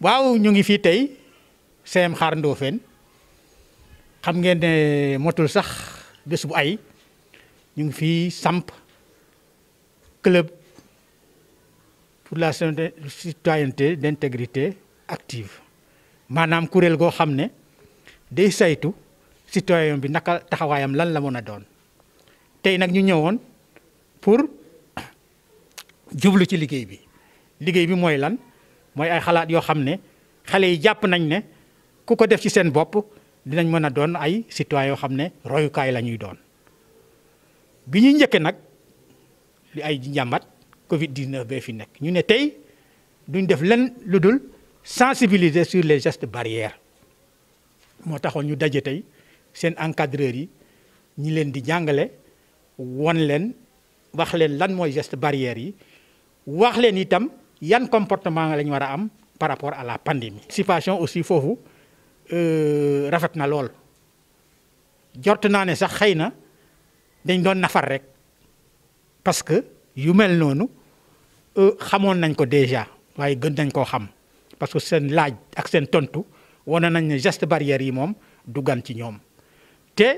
waaw ñu ngi fii tey CM Xaar Ndofène xam ngeen ne motul sax bés bu ay ñu ngi fii samp club pour la citoyenneté d'intégrité active maanaam kuréel goo xam ne day saytu citoyen bi naka taxawaayam lan la mën a doon tey nag ñu ñëwoon pour jublu ci liggéey bi liggéey bi mooy lan mooy ay xalaat yoo xam ne xale yi jàpp nañ ne ku ko def ci seen bopp dinañ mën a doon ay citoyen yoo xam ne royukaay la ñuy doon bi ñuy njëkkee nag li ay njàmbat Covid 19 bee fi nekk ñu ne tey duñ def len lu dul sensibiliser sur les gestes barrières moo taxoon ñu daje tey seen encadreurs yi ñi leen di jàngale won leen wax leen lan mooy geste barrières yi wax leen itam. yan comportement la ñu war a am par rapport à la pandémie. situation aussi foofu euh, rafet na lool jort naa ne sax xëy na dañ doon nafar rek parce que yu mel noonu euh, xamoon nañ ko déjà waaye gën dañ koo xam parce que seen laaj ak seen tontu wane nañ ne geste barrière yi moom du ci ñoom te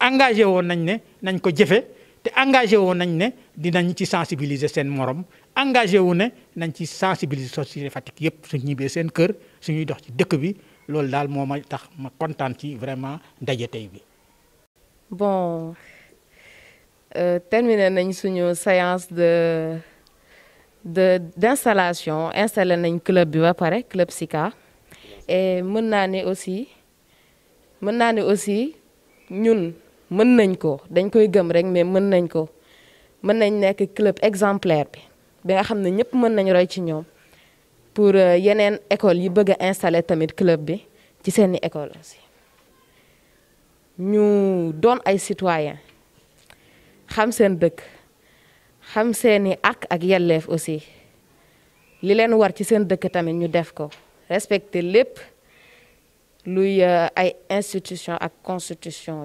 engagé woon nañ ne nañ ko jëfe te engagé wu nañ ne dinañ ci sensibiliser seen morom engagé wu ne nañ ci sensibiliser société Fatick yëpp suñ ñibbee seen kër suñuy dox ci dëkk bi loolu daal moo ma tax ma kontaan ci vraiment ndaje tey bi. bon euh, terminé nañ suñu séance de de d'installation installé nañ club bi ba pare club Sika et mën naa ne aussi mën naane aussi ñun. mën nañ ko dañ koy gëm rek mais mën nañ ko mën nañ nekk club exemplaire bi bi nga xam ne ñëpp mën nañ roy ci ñoom pour euh, yeneen école yi bëgg a installer tamit club bi ci seeni école aussi ñu doon ay citoyen xam seen dëkk xam seeni àq ak yelleef aussi li leen war ci seen dëkk tamit ñu def ko respecter lépp luy euh, ay institution ak constitution